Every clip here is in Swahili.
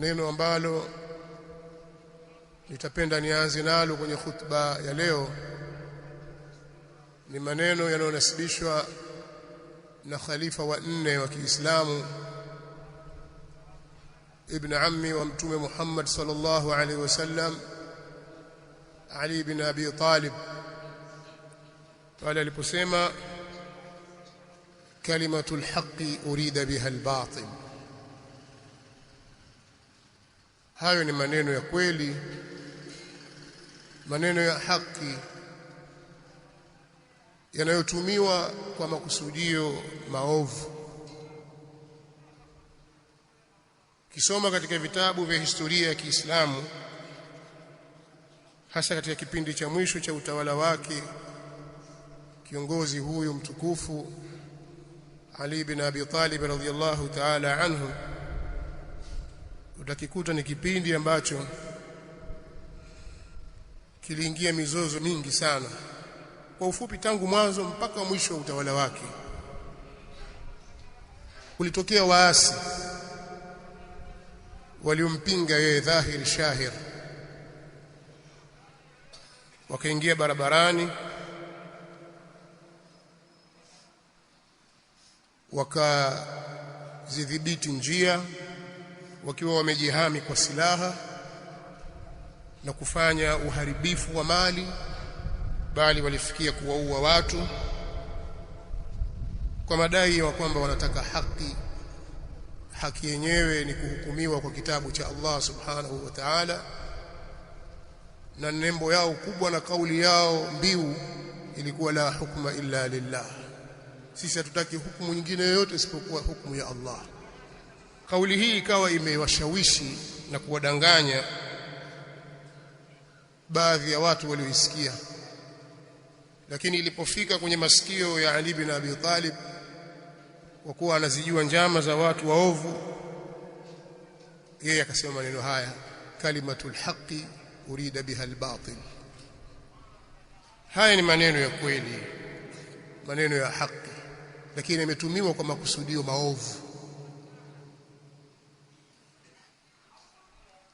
neno ambalo nitapenda nianze nalo kwenye khutba ya leo ni maneno yanayonasibishwa na khalifa wa nne wa Kiislamu ibn ammi wa mtume Muhammad sallallahu alaihi wasallam Ali ibn Abi Talib pale aliposema kalimatul haqqi urida biha al-batil Hayo ni maneno ya kweli, maneno ya haki yanayotumiwa kwa makusudio maovu. Kisoma katika vitabu vya historia ya Kiislamu, hasa katika kipindi cha mwisho cha utawala wake kiongozi huyu mtukufu Ali bin Abi Talib radhiyallahu ta'ala anhu utakikuta ni kipindi ambacho kiliingia mizozo mingi sana kwa ufupi tangu mwanzo mpaka mwisho wa utawala wake kulitokea waasi waliompinga yeye dhahir shahir wakaingia barabarani wakazidhibiti njia wakiwa wamejihami kwa silaha na kufanya uharibifu wa mali bali walifikia kuwaua watu kwa madai ya kwamba wanataka haki haki yenyewe ni kuhukumiwa kwa kitabu cha Allah subhanahu wa ta'ala na nembo yao kubwa na kauli yao mbiu ilikuwa la hukma illa lillah sisi hatutaki hukumu nyingine yoyote isipokuwa hukumu ya Allah Kauli hii ikawa imewashawishi na kuwadanganya baadhi ya watu walioisikia, lakini ilipofika kwenye masikio ya Ali bin Abi Talib, kwa kuwa anazijua njama za watu waovu, yeye akasema maneno haya, kalimatul haqqi urida biha albatil. Haya ni maneno ya kweli, maneno ya haki, lakini yametumiwa kwa makusudio maovu.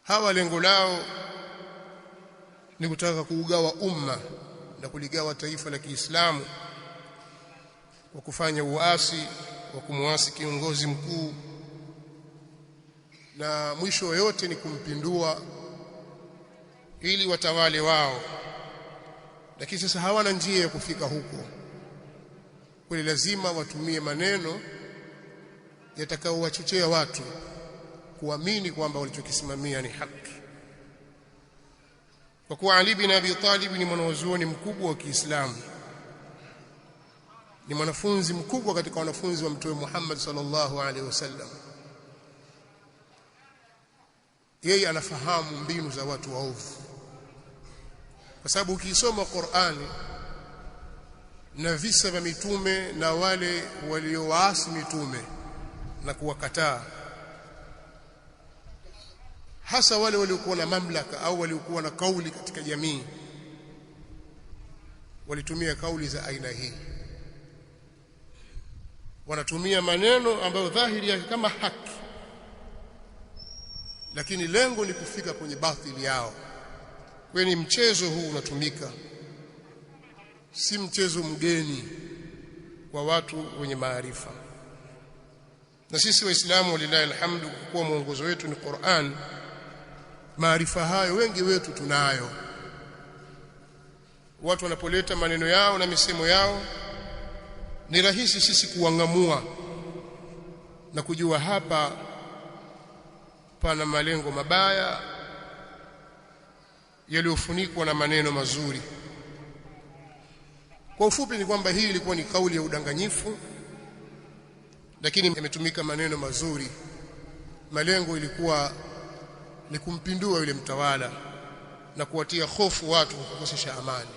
hawa lengo lao ni kutaka kuugawa umma na kuligawa taifa la Kiislamu kwa kufanya uasi wa kumwasi kiongozi mkuu na mwisho yote ni kumpindua ili watawale wao lakini sasa hawana njia ya kufika huko kwa lazima watumie maneno yatakaowachochea watu kuamini kwamba walichokisimamia ni haki kwa kuwa Ali bin Abi Talib ni mwanazuoni mkubwa wa Kiislamu ni mwanafunzi mkubwa katika wanafunzi wa Mtume Muhammad sallallahu alaihi wasallam yeye anafahamu mbinu za watu waovu kwa sababu ukisoma Qur'ani na visa vya mitume na wale waliowaasi mitume na kuwakataa hasa wale waliokuwa na mamlaka au waliokuwa na kauli katika jamii walitumia kauli za aina hii wanatumia maneno ambayo dhahiri yake kama haki lakini lengo ni kufika kwenye batili yao kweni mchezo huu unatumika si mchezo mgeni kwa watu wenye maarifa na sisi waislamu walilahi alhamdu kwa kuwa mwongozo wetu ni Qur'an maarifa hayo wengi wetu tunayo watu wanapoleta maneno yao na misemo yao ni rahisi sisi kuwangamua na kujua hapa pana malengo mabaya yaliyofunikwa na maneno mazuri kwa ufupi ni kwamba hii ilikuwa ni kauli ya udanganyifu lakini yametumika maneno mazuri malengo ilikuwa ni kumpindua yule mtawala na kuwatia hofu watu kukosesha amani